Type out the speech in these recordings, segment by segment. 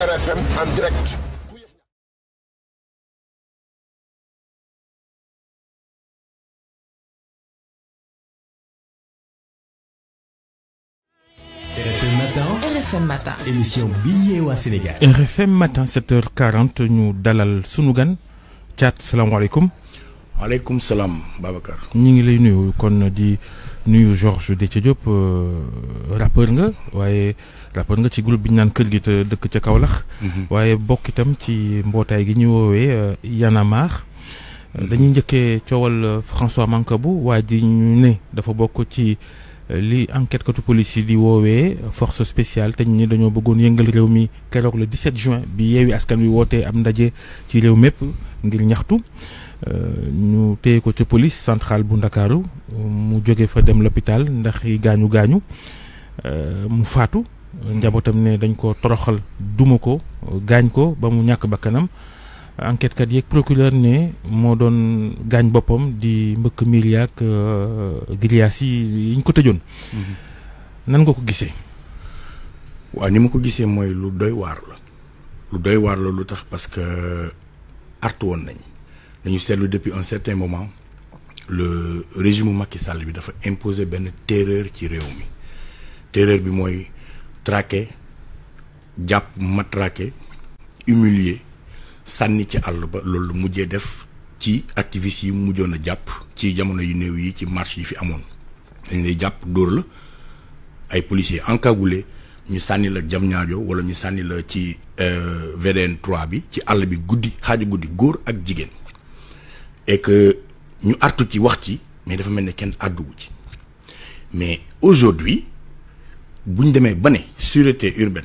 RFM en direct. RFM Matin. RFM Matin. émission Billet Sénégal. RFM Matin 7h40 Nous dalal Sunugan. Tchat Salam, alaikum. Alaikum Salam, Babacar. Nous sommes lay nuyu kon di. nuyu Georges Déthié Diop euh, rappeur nga waaye rappeur nga ci groupe bi ñu naan kër gi te dëkk ca Kaolack. Mhm. waaye bokk itam ci mbootaay gi ñu woowee euh, Y'en a mhm. dañuy njëkkee coowal euh, François Mancabou waa ji ñu ne dafa bokk ci. li enquête katu police yi di woowee force spéciale te ni dañoo bëggoon yëngal réew mi keroog le 17 juin bi yeewi askan wi wootee am ndaje ci réew mépp ngir ñaxtu euh, ñu téye ko ca police centrale bu ndakaaru mu jóge fa dem l'hôpital ndax yi gaañu gaañu euh, mu faatu njabootam ne dañ ko toroxal duma ko gaañ ko ba mu ñàkk bakkanam enquêtekat yeeg procureur ne mo don gaañ boppam di mbëkk miil yaak euh, grillage yi ko tëjoon. Mhm. nan nga ko gisee. wa ni mako ko moy lu doy war la. lu doy war la lutax parce que euh, art won nañ dañu seetlu depuis un certain moment le régime Macky Sall bi dafa imposer ben terreur ci réew mi terreur bi moy traquer jàpp matraquer humilier sanni ci ba def ci yi a ci jamono yu néew yi ci marche yi fi amoon dañ lay jàpp dóor la ay policiers ñu sànni la jam wala ñu la ci euh, VDN 3 bi et artu ci wax ci mais dafa ne kenn ci mais aujourd'hui buñ demee sûreté urbaine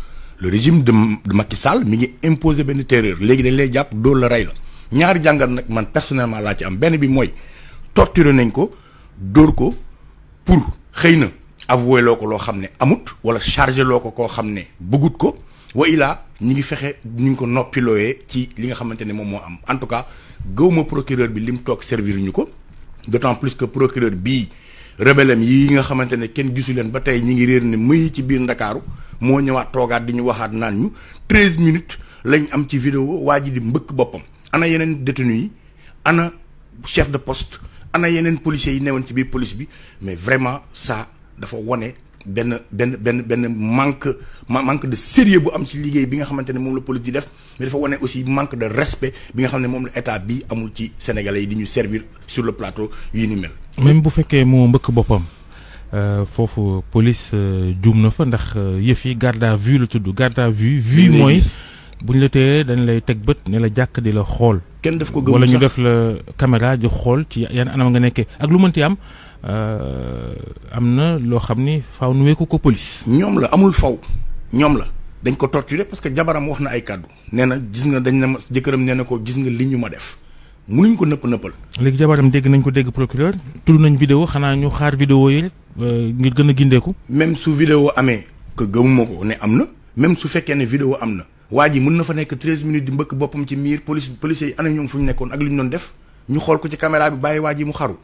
le régime de Macky Sall mi ngi imposé ben terreur légui dañ lay japp do la ray la ñaari jangal nak man personnellement la ci am ben bi moy torturer nañ ko dor ko pour xeyna avouer avoué loo ko loo amut wala charger loko ko xamné xam bëggut ko wa ilaa ñi ngi fexé ñu ngi ko noppilooyee ci li nga xamante ne moom moo am en tout cas gëwma procureur bi lim tok servir ñuko d'autant plus que procureur bi Rebelles, yi nga xamantene kenn en ba ñi ngi reer ne muy ci biir dakaru mo di ñu naan 13 minutes lañ am ci vidéo di mbëkk bopam ana yenen détenu yi ana chef de poste ana yenen policier, yi newon ci biir police bi mais vraiment ça dafa woné ben ben ben manque manque de sérieux bu am ci bi nga xamantene mom la police di def mais dafa aussi manque de respect bi nga mom sénégalais yi di ñu servir sur le plateau yi ni mel même bu fekkee moo mbëkk boppam euh, foofu police euh, juum na fa ndax euh, yëf yi garde à vue la tudd garde à vue vue mooy bu ñu la téyee dañ lay teg bët ne la jàkk di la xool. kenn def ko gëm wala ñu def la caméra di xool ci yan anam nga nekkee ak lu mënti am am na loo xam ni faaw nu wéeku ko police. ñoom la amul faw ñoom la dañ ko torturer parce que jabaram wax na ay kàddu nee na gis nga dañ na ma jëkkëram nee na ko gis nga lii ñu ma def. munuñ ko nëpp nëppal. léegi jabaram dégg nañ ko dégg procureur tudd nañ vidéo xanaa ñu xaar vidéo yi euh, ngir gën a gindeeku. même su vidéo amee que gëmuma ko ne am na même su fekkee ne vidéo am na waa ji mën na fa nekk 13 minutes di mbëkk boppam ci miir police police yi ana ñoom fu ñu nekkoon ak li ñu doon def ñu xool ko ci caméra bi bàyyi waa ji mu xaru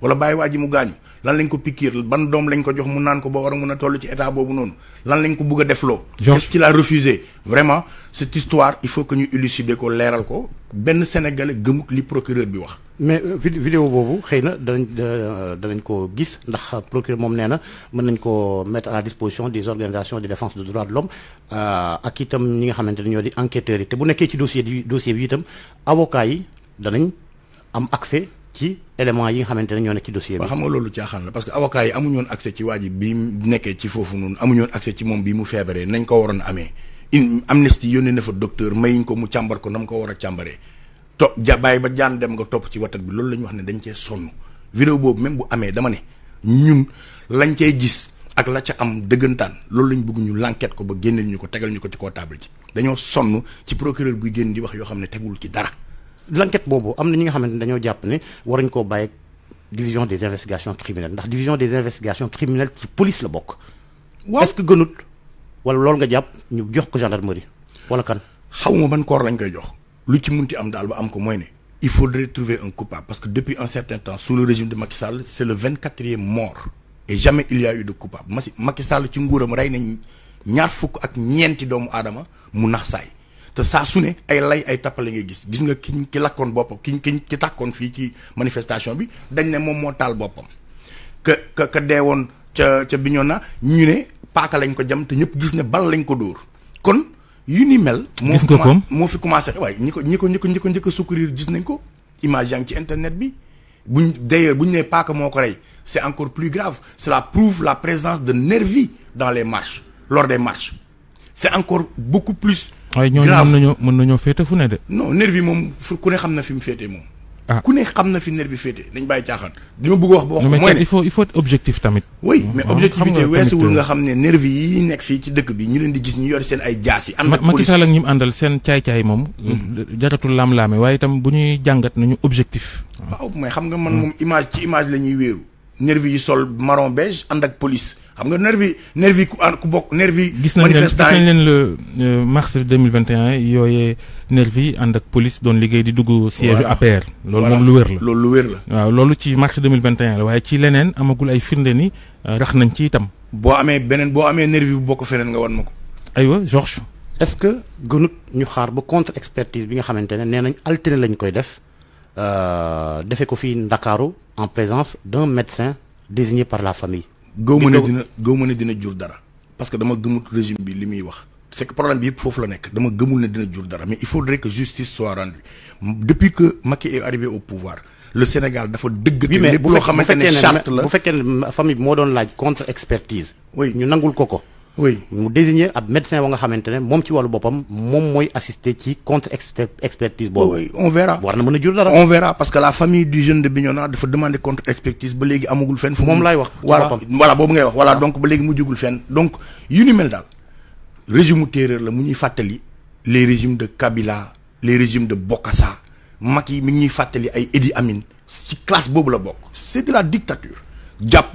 wala baye waa mu gaañu lan lañ ko pikiir ban dom lañ ko jox mu nan ko bo war a na tollu ci état bobu non lan lañ ko bëgg a defloo. qu'est-ce qu'il a refusé. vraiment cette histoire il faut que ñu élucider ko léral ko ben sénégalais gëmuk li procureur bi wax. mais euh, vidéo bobu xeyna dañ euh, dañ ko gis ndax procureur mom néna na mën nañ ko mettre à la disposition des organisations de défense des droits de l'homme euh, ak itam ñi nga xamanteni ne ñoo di enquêteurs yi te bu nekké ci dossier bi dossier bi itam avocat yi danañ am accès. ci éléments yi nga xamante ne ñoo nekk ci dossier bi. xam nga loolu caaxaan la parce que avocat yi amuñu woon accès ci waa ji bi nekkee ci foofu noonu amuñu woon accès ci moom bi mu feebaree nañ ko waroon amee une amnistie yónnee na fa docteur mayuñ ko mu càmbar ko na mu ko war a càmbaree to ja ba jaan dem nga topp ci watat bi loolu lañu wax ne dañ cee sonn vidéo boobu même bu amee dama ne ñun lañ cee gis ak la ca am dëggantaan loolu lañ bëgg ñu l'enquête ko ba génneel ñu ko tegal ñu ko ci koo table ji dañoo sonn ci procureur buy génn di wax yoo xam ne tegul ci dara l'enquête Bobo, am na ñi nga xamanteni ne dañoo jàpp ne waruñ koo bàyyi division des investigations criminelles ndax division des investigations criminelles ci police la bokk. est-ce que gënut wala loolu nga jàpp ñu jox ko gendarmerie wala kan. xaw ban koor lañ koy jox lu ci munti am daal ba am ko mooy ne. il faudrait trouver un coupable parce que depuis un certain temps sous le régime de Macky Sall c'est le 24e mort et jamais il y a eu de coupable Macky Sall ci nguuram rey nañ ñaar fukk ak ñeenti doomu aadama mu nax saay te sa suné ay lay ay tappale ngay gis gis nga ki ki lakkoon ki ki ki ci manifestation bi dañ né mom mo tal bopam que que que dee woon ca ca Bignona ñu né paaka lañ ko jam te ñëpp gis né bal lañ ko door kon yu ni mel. moo fi fi commencé way ñiko ñiko ñiko gis nañ ko image yaa ci internet bi. buñ d'ailleurs buñ né paaka moko ray c'est encore plus grave cela prouve la présence de nervi dans les marches lors des marches c'est encore beaucoup plus. waaye ñooñu mën nañoo mën nañoo féete fu ne de. non nervi moom fu ku ne xam na fi mu féete moom. ah ku ne xam na fi nervi féete dañ bàyyi caaxaan. li ma bëgg wax ba wax ko mooy ne il faut il mm-hmm. euh, nga xam ne nervi yi nekk fii ci dëkk bi ñu leen di gis ñu yor seen ay jaas yi. ànd ak police Macky àndal seen caay-caay moom. Mm-hmm. jaratul laam-laame waaye itam bu ñuy jàngat nañu objectif. waaw mais xam nga man moom image ci image la ñuy wéeru nervi yi sol marron beige andak ak police xam nga nervi nervi ku bok nervi manifestant gis nañ leen le euh, mars 2021 yoyé nervi andak ak police don liggéey di dugg siège APR loolu moom lu wér la loolu lu wér la waaw loolu ci mars 2021 la waaye ci leneen amagul ay firnde ni euh, rax nañ ci itam boo amee beneen boo amee nervi bu bokk feneen nga wan ma ko aywa Georges est-ce que gënut ñu xaar ba contre expertise bi nga xamante ne nee nañ alterné lañ koy def euh, defee ko fii Ndakaaru en présence d'un médecin désigné par la famille. gëw dina gëw dina jur dara parce que dama gëmut régime bi limi wax. c'est que problème bi yëpp foofu la nek dama gëmul ne dina jur dara mais il faudrait que justice soit rendue depuis que Macky est arrivé au pouvoir le Sénégal dafa dëgg. lépp loo xamante ne charte la bu famille bi moo laaj contre expertise. oui ñu nangul koko oui mu désigner ab médecin wa nga xamantene mom ci walu bopam mom moy assister ci contre expertise oui on verra war na mën jur dara. on verra parce que la famille du jeune de Bignona dafa demander contre expertise ba léegi amagul fen mom lay wax voilà voilà boobu ngay wax. voilà ah. donc ba léegi mu jugul fen donc yu ni mel dal régime terreur la mu ñuy fatali les régimes de Kabila les régimes de Bokassa mag yi mi ñuy fatali ay Idi amine ci classe bobu la bok c'est de la dictature japp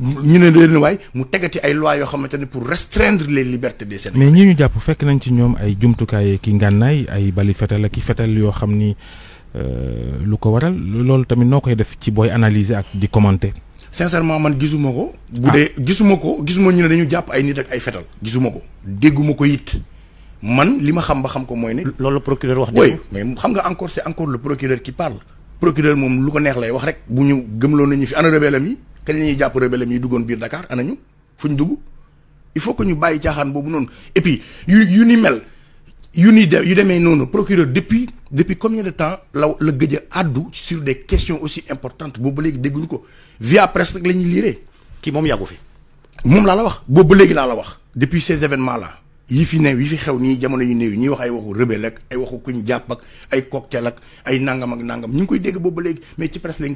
ñu ne leen waay mu tegati ay loi yoo xamante ne pour restreindre les libertés des Sénégalais. mais ñi ñu jàpp fekk nañ ci ñoom ay jumtukaay ki ngànnaay ay bali fetal ak i fetal yoo xam ni euh, lu ko waral loolu tamit noo koy def ci booy analyser ak di commenter. sincèrement man gisuma ko. bu dee ah. gisuma ko gisuma ñu ne dañu jàpp ay nit ak ay fetal. gisuma ko dégguma ko it. man li ma xam ba xam ko mooy ne. loolu procureur wax dëgg. mais xam nga encore c'est encore le procureur ki parle. procureur moom lu ko neex lay wax rek. bu ñu gëm gëmloo nañu fi ana rebellam yi rebelle Dakar il faut que ñu bàyyi et puis yu yu mel yu ni de yu non procureur depuis depuis combien de temps le le a sur des questions aussi importantes boobu légui déggu via presse rek la qui liiree. kii fi. mom qui la wax boobu légui la la wax. depuis ces événements là. yi fi qui yi fi xew ni jamono yu wax ay waxu ak ay waxu ak ay cocktail ak ay nangam ak nangam koy dégg mais ci presse lañ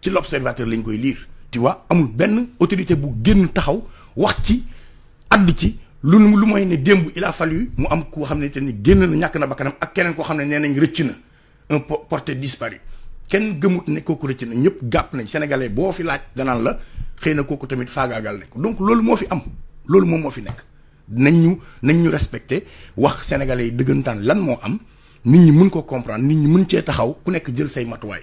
ci l'observateur lañ koy lire tu vois amul ben autorité bu génn taxaw wax ci addu ci lu lu mooy ne dembu il a fallu mu am ko xam tane te na ñak na bakanam ak keneen ko xam ne nee na un porté disparu ken gëmut ne koku rëcc na ñëpp gàpp nañ sénégalais bo fi laaj danaan la xeyna koku tamit fagaagal nañ ko donc loolu mo fi am loolu moom mo fi nek nañ ñu nañ ñu respecté wax sénégalais yi lan mo am nit ñi mën ko comprendre nit ñi mën ci taxaw ku nek jël say matuwaay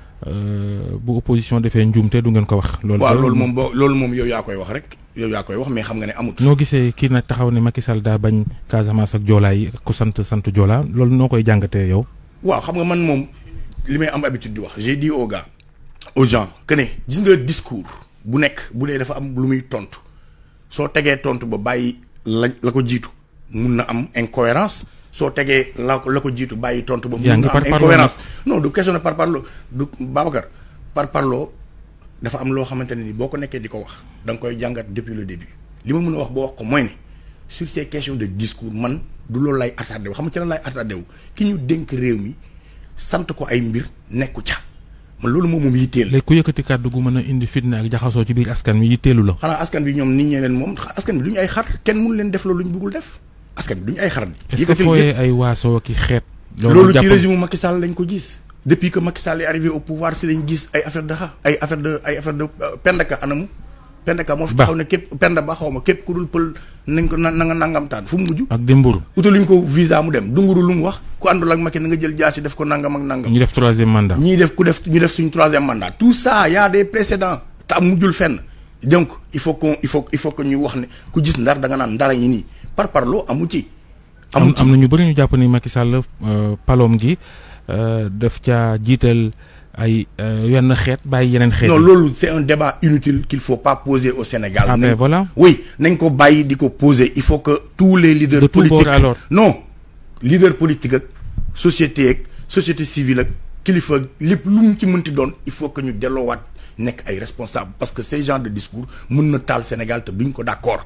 Euh, bu opposition defee njuum njuumte du ngeen ko wax. loolu moom boo loolu moom yow yaa koy wax rek yow yaa koy wax mais xam nga ne amut. noo gisee kii nag taxaw ne Macky Sall daa bañ Casamance ak Joola ku sant sant joolaa loolu noo koy jàngatee yow. waaw xam nga man moom li may am habitude di wax j'ai dit aux gars aux gens gis nga discours bu nekk bu dee dafa am lu muy tontu soo tegee tontu ba bàyyi la la ko jiitu mun na am incohérence soo tegee la la ko jiitu bàyyi tontu boobu. yaa ne par incohérence non du question ne par parlo du Babacar par parlo dafa am loo xamante ne ni boo ko nekkee di ko wax danga koy jàngat depuis le début li ma mun a wax boo wax ko mooy ne sur ces questions de discours man du loolu lay attardé wu xam nga ci lan lay attardé wu ki ñu dénk réew mi sant ko ay mbir nekku ca man loolu moom moom yitteel. léegi ku yëkkati kàddu gu mën a indi fitna ak jaxasoo xanaa askan bi ñoom nit ñee moom askan kenn mënu leen def loolu lu ñu bëggul def. askan bi duñu ay xaram. yëkkatil est-ce que ay waasoo ki xeet. loolu ci régime Macky Sall lañ ko gis. depuis que Macky Sall est arrivé au pouvoir si lañ gis ay affaire de xa ay affaire de ay affaire de euh, pendaka anamu. pendaka moo fi taxaw ne képp penda ba xaw ma képp ku dul pël nañ ko na nga nangamtaan fu mu mujj. ak dimburu utaluñ ko visa mu dem dunguru lu mu wax ku àndul ak Macky na nga jël jaasi def ko nangam ak nangam. ñu def troisième mandat. ñii def ku def ñu def suñu troisième mandat. tout ça y a des précédents te am mujjul fenn donc il faut qu'on il faut il faut que ñu wax ne ku gis ndar da nga naan ndara ñi nii par parlo, amuti ci. amu am na ñu bëri ñu jàpp ni Macky Sall euh, paloom gi euh, def caa jiital ay euh, yenn xet bàyyi yenen xet non lolu c'est un débat inutile qu'il faut pas poser au Sénégal. ah ben voilà oui nañ ko bàyyi di ko poser il faut que tous les leaders. de alors politiques non leader politique ak société ak société civile ak kilifa lépp lu mu ci mënti doon il faut que ñu delloowaat nek ay responsable parce que ces genres de discours mën na tal Sénégal te buñ ko d'accord.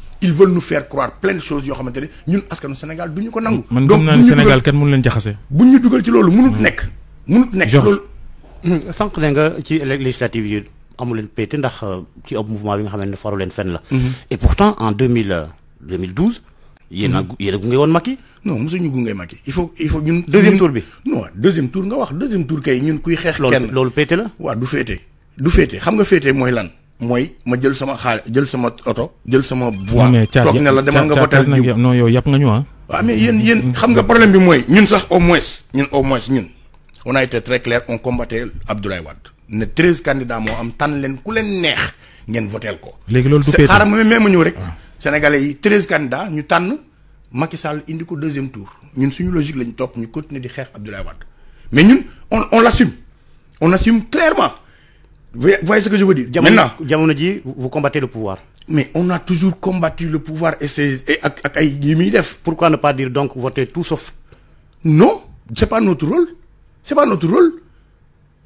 ils veulent nous faire croire plein de choses yo xamantene ñun askanu Sénégal du ko nangu. man gëm na Sénégal kenn mënu leen jaxase. bu ñu dugal ci lolu mënut nek mënut nek lolu hmm, sank ne nga ci législative yi amu leen pété ndax euh, ci op mouvement bi nga xamante ne faru leen fenn la. Mm-hmm. et pourtant en deux mille euh, deux mille douze. yéen a mm-hmm. yéen a gunge woon non mësuñu gunge Macky il faut il faut ñun. deuxième tour bi non deuxième tour nga wax deuxième tour kay ñun kuy xex kenn lolu pété la. wa du fété du fété xam nga fété moy lan moy ma jël sama xaalis jël sama auto jël sama voix toog ne la demal nga votel jiw non yow yap nga ñu ah mais yeen yeen xam nga problème bi moy ñun sax au moins ñun au moins ñun on a été très clair on combattait Abdoulaye wad ne 13 candidats mo am tan len ku len neex ngeen votel ko légui loolu du xaaral ma même ñu rek ah. sénégalais yi 13 candidats ñu tan Macky Sall indi ko deuxième tour ñun suñu logique lañ top ñu continuer di xex Abdoulaye wad mais ñun on on l'assume on assume clairement vous voyez ce que je veux dire Maintenant, dit vous combattez le pouvoir. Mais on a toujours combattu le pouvoir et c'est Pourquoi ne pas dire donc voter tout sauf Non, c'est pas notre rôle. C'est pas notre rôle.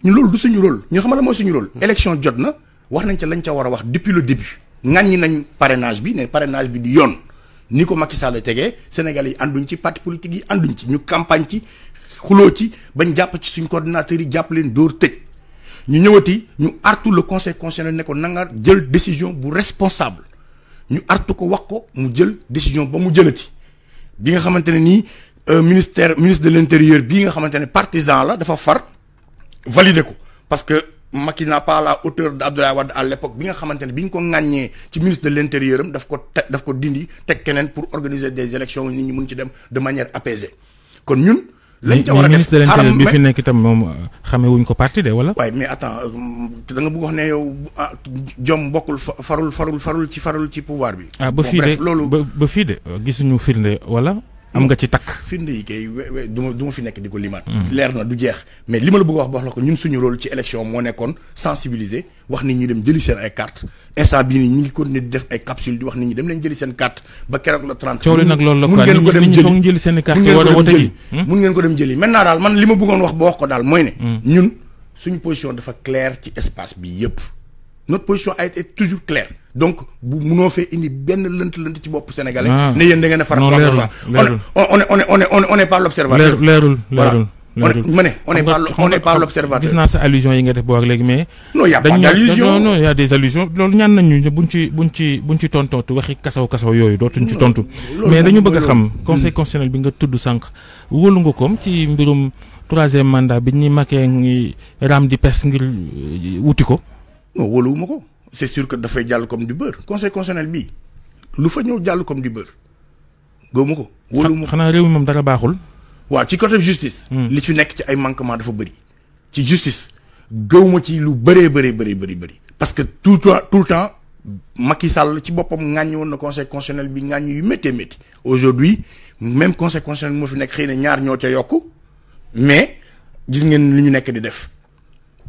Nous rôle c'est notre rôle. Nous savons notre rôle. Élection jodna, wax nañ ci lañ ca wara wax depuis le début. Ngagn nañ parrainage bi, parrainage bi du yon Ni ko Macky Sall tégué, Sénégalais en anduñ ci parti politique yi anduñ ci campagne ci xuloo ci bañ japp ci suñ coordinateur yi japp leen ñu ñëwati ñu artu le conseil constitutionnel ne ko na nga jël décision bu responsable ñu artu ko wax ko mu jël décision ba mu jëlati bi nga xamante ni euh, ministère ministre de l'intérieur, bi nga xamante partisan la dafa far valider ko parce que Macky n'a pas la hauteur d'Abdoulaye Wade à l'époque bi nga xamante biñ ko ŋàññee ci ministre de l'intérieur, daf ko daf ko dindi tek kenen pour organiser des élections nit ñi mun ci dem de manière apaisée kon ñun. lañ ca war a def bi fi nekk itam moom euh, xame wuñ ko parti de wala. waaye mais attends euh, da nga bëgg wax ne yow ah, jom bokkul farul farul farul ci farul ci pouvoir bi. ah ba fii de loolu ba fii de gisuñu firnde wala. am nga ci takk firnde yi kay du ma fi nekk di ko limaat leer na du jeex mais li ma la bëgg wax ba wax la ko ñun suñu rôle ci élection moo nekkoon sensibiliser wax nit ñi dem jëli seen ay carte instant bii nii ñi ngi continuer di def ay capsule di wax nit ñi dem leen jëli seen carte ba keroog la 30 hmm? mun ngeen ko dem jëli seen carte daal man li ma bëggoon wax ba wax ko daal mooy ne hmm. ñun suñu position dafa claire ci espace bi yëpp notre position a été toujours claire donc bu munoo fee indi benn lënt lënt ci bopp sénégalais. Ah. ne yéen da ngeen a far. non on est on est on est on est on est pas l'observateur. leerul leerul leerul ma ne on est pas on est pas l'observateur. gis naa sa allusion yi nga def boo ak mais. non y' a des allusions. non non y' a des allusions loolu ñaan nañ ñu buñ ci buñ ci buñ ci tontontu waxi kasaw kasaw yooyu dootuñ ci tontu. mais dañu bëgg a xam conseil constitutionnel bi nga tudd sànq wóolu nga koom ci mbirum troisième mandat bi ñuy makkee ngi raam di pes ngir euh, wuti ko non wóoluwuma ko c'est sûr que dafay jàll comme du beurre conseil constitutionnel bi lu fa ñëw jàll comme du beurre góomu ko. wóoluwuma ko xanaa mi moom dara baxul wa ci côté justice. Hmm. li ci nek ci ay manquement dafa bëri. ci justice gëwma ci lu bëree bëree bëri bëri bëri. parce que tout tout le temps Macky Sall ci boppam ŋàññi woon na conseil constitutionnel bi ŋàññi yu méttee métti. aujourd'hui même conseil constitutionnel mo fi nek xëy ñaar ñoo ca yokku mais gis ngeen li ñu nek di def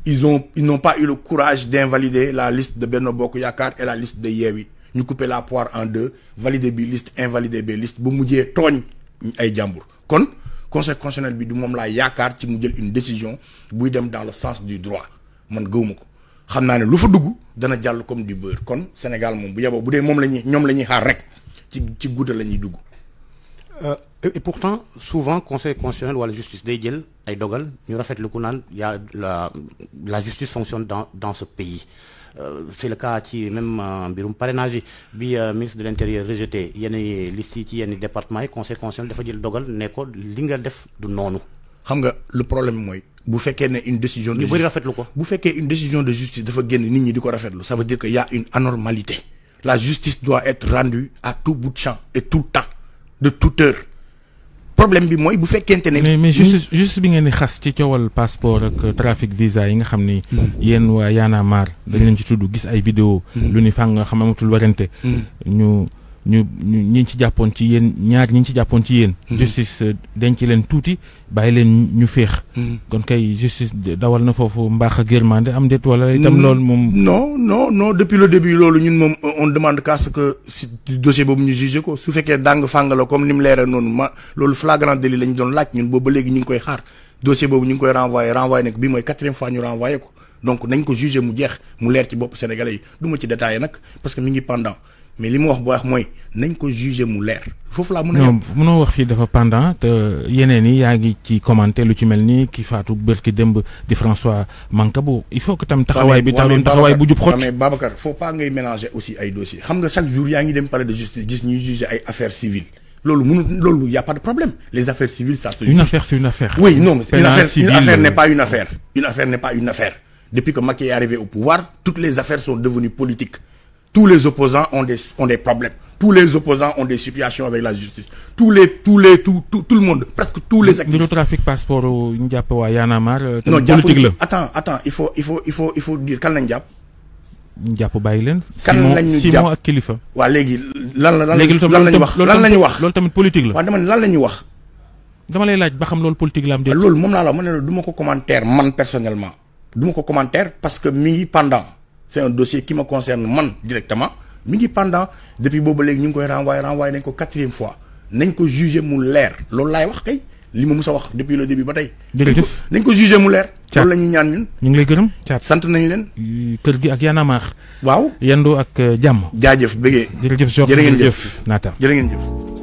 ils ont ils n'ont pas eu le courage d'invalider la liste de Benno Yakar et la liste de Yewi. Nous coupons la poire en deux valider bi liste invalider bi liste ay kon conseil constitutionnel du une décision dans le sens du droit man nous ko pas, je lu fa comme du beurre Sénégal bu nous euh, et pourtant souvent conseil constitutionnel la justice day et ay dogal ñu rafetlu coup la la justice fonctionne dans dans ce pays euh, c'est le cas qui même par euh, parrainage le ministre de l'intérieur rejeté une liste a ci un département le conseil constitutionnel dafa jël dogal ne ko pas n'est def du non. xam le problème c'est bu y une décision. de justice. rafetlu ko une décision de justice dafa du ñi ça veut dire qu'il y a une anormalité. la justice doit être rendue à tout bout de champ et tout le temps de toute heure problème bi mooy bu fekkente ne. mais mais juste juste bi ngeen di xas ci coowal passeport ak euh, trafic visa yi nga xam ni. Mm. yéen waa Y'en a dañ leen ci tudd gis ay vidéo mm. lu ni fang xam amatul warante mm. ñu ñu ñu ñi ci jàppoon ci yéen ñaar ñi ci jàppoon ci yéen. Mm-hmm. justice euh, denc leen tuuti bàyyi leen ñu féex. Mm-hmm. kon kay justice dawal na foofu mbaax ak yërmande am déet wala itam mm-hmm. loolu moom. non non non depuis le début loolu ñun moom on demande qu'à ce que si dossier boobu ñu jugé ko su fekkee dàng fàng la comme ni mu leeree noonu ma loolu flagrant délit lañ doon laaj ñun boobu ba léegi ñu ngi koy xaar dossier boobu ñu ngi koy renvoyé renvoyé nag bii mooy quatrième fois ñu renvoyé ko donc mu jeex mu leer ci bopp sénégalais yi du ma ci détaillé nag parce que mi ngi pendant mais li ma wax boo wax moy nañ ko juger mu leer fofu la mën a. ñoom wax fi dafa pendant te yeneen yi yaa ngi ci commenter lu ci melni ki fatou qui demb di François Mankabo. il faut que tam. taxaway bi taxawaay taxawaay bu jup xocc mais Babacar faut pas ngay mélanger aussi ay dossiers xam nga chaque jour yaa dem palais de justice gis ñuy juger ay affaires civiles. Il n'y a pas de problème les affaires civiles ça se juge. une affaire c'est une affaire. oui non mais une affaire une affaire euh, n'est pas une affaire. une affaire n'est pas une affaire depuis que Macky est arrivé au pouvoir toutes les affaires sont devenues politiques. Tous les opposants ont des, ont des problèmes. Tous les opposants ont des situations avec la justice. Tous les, tous les, tout, tout, tout le monde, presque tous les activistes. Le trafic passeport au Ndiapo à Yanamar, euh, non, politique Attends, attends, il faut, il faut, il faut, il faut dire, quand Ndiap? Ndiapo Baylen. Simon, Simon ak Wa légui, lan lan lan lañu wax, lan lañu wax. Lol tamit politique là. Wa dama lan lañu wax. Dama lay laaj ba xam lol politique la am dé. Lol mom la la, mané duma ko commentaire man personnellement. Duma ko commentaire parce que mi pendant c'est un dossier qui me concerne man directement mi pendant depuis bobo léegi ñu ngi koy renvoyer renvoyer nañ ko quatrième fois nañ ko jugé mu leer loolu laay wax kay li ma mus wax depuis le début ba tey. jërëjëf nañ ko jugé mu leer. loolu la ñaan ñun. ñu ngi lay gërëm Thiat sant nañ leen. kër gi ak Y'en a marre. waaw yendu ak euh, jàmm. jaajëf bëggee. jërëjëf Georges ngeen jëf nata jërë ngeen jëf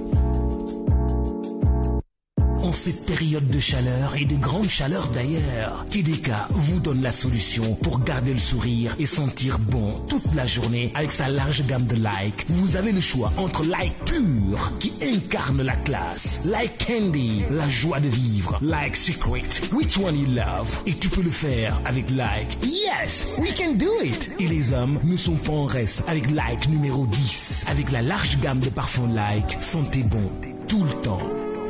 cette période de chaleur et de grande chaleur d'ailleurs, TDK vous donne la solution pour garder le sourire et sentir bon toute la journée avec sa large gamme de likes. Vous avez le choix entre like pur qui incarne la classe, like candy, la joie de vivre, like secret, which one you love. Et tu peux le faire avec like yes, we can do it. Et les hommes ne sont pas en reste avec like numéro 10, avec la large gamme de parfums like, sentez bon tout le temps.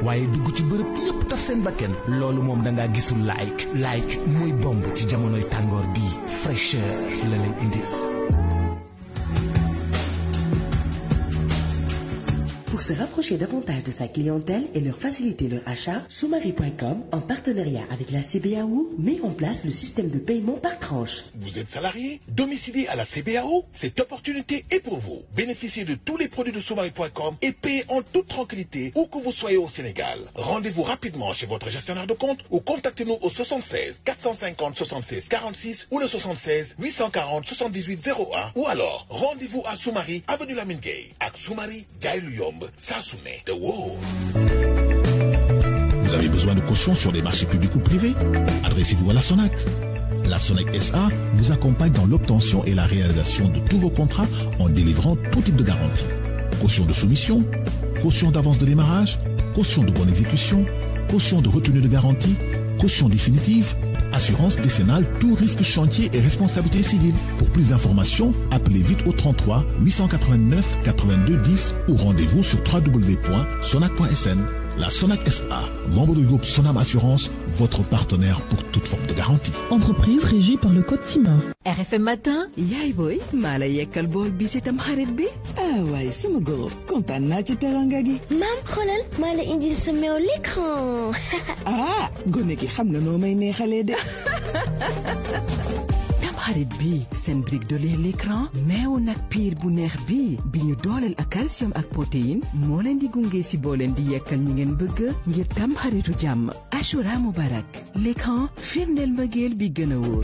waaye dugg ci bërëb yépp taf seen bakken loolu moom dangaa gisul like like muy bomb ci jamonoy tàngoor bii fraîcheur la leen indil Pour se rapprocher davantage de sa clientèle et leur faciliter leur achat, Soumari.com, en partenariat avec la CBAO, met en place le système de paiement par tranche. Vous êtes salarié Domicilié à la CBAO Cette opportunité est pour vous. Bénéficiez de tous les produits de Soumari.com et payez en toute tranquillité où que vous soyez au Sénégal. Rendez-vous rapidement chez votre gestionnaire de compte ou contactez-nous au 76 450 76 46 ou le 76 840 78 01 ou alors rendez-vous à Soumari, avenue Lamine Gay, à Soumari, Gaël vous avez besoin de caution sur les marchés publics ou privés Adressez-vous à la SONAC. La SONAC SA vous accompagne dans l'obtention et la réalisation de tous vos contrats en délivrant tout type de garantie. Caution de soumission, caution d'avance de démarrage, caution de bonne exécution, caution de retenue de garantie, caution définitive, Assurance décennale, tout risque chantier et responsabilité civile. Pour plus d'informations, appelez vite au 33 889 82 10 ou rendez-vous sur www.sonac.sn. La Sonac SA, membre du groupe Sonam Assurance, votre partenaire pour toute forme de garantie. Entreprise régie par le code SIMA. RFM Matin, Yay boy, mala la yekkal ah ouais, c'est mon kontaan na ci teranga gi. indil l'écran. ah gone gi xam no noo تقهرت بي سنبريك دولي ليكران ما ونك بير بونير بي بينو دول الكالسيوم اك بروتين مولن دي غونغي سي بولن دي ياكل نينن بوغ نير تام هاري رجام اشورا مبارك ليكران فيرنل مغيل بي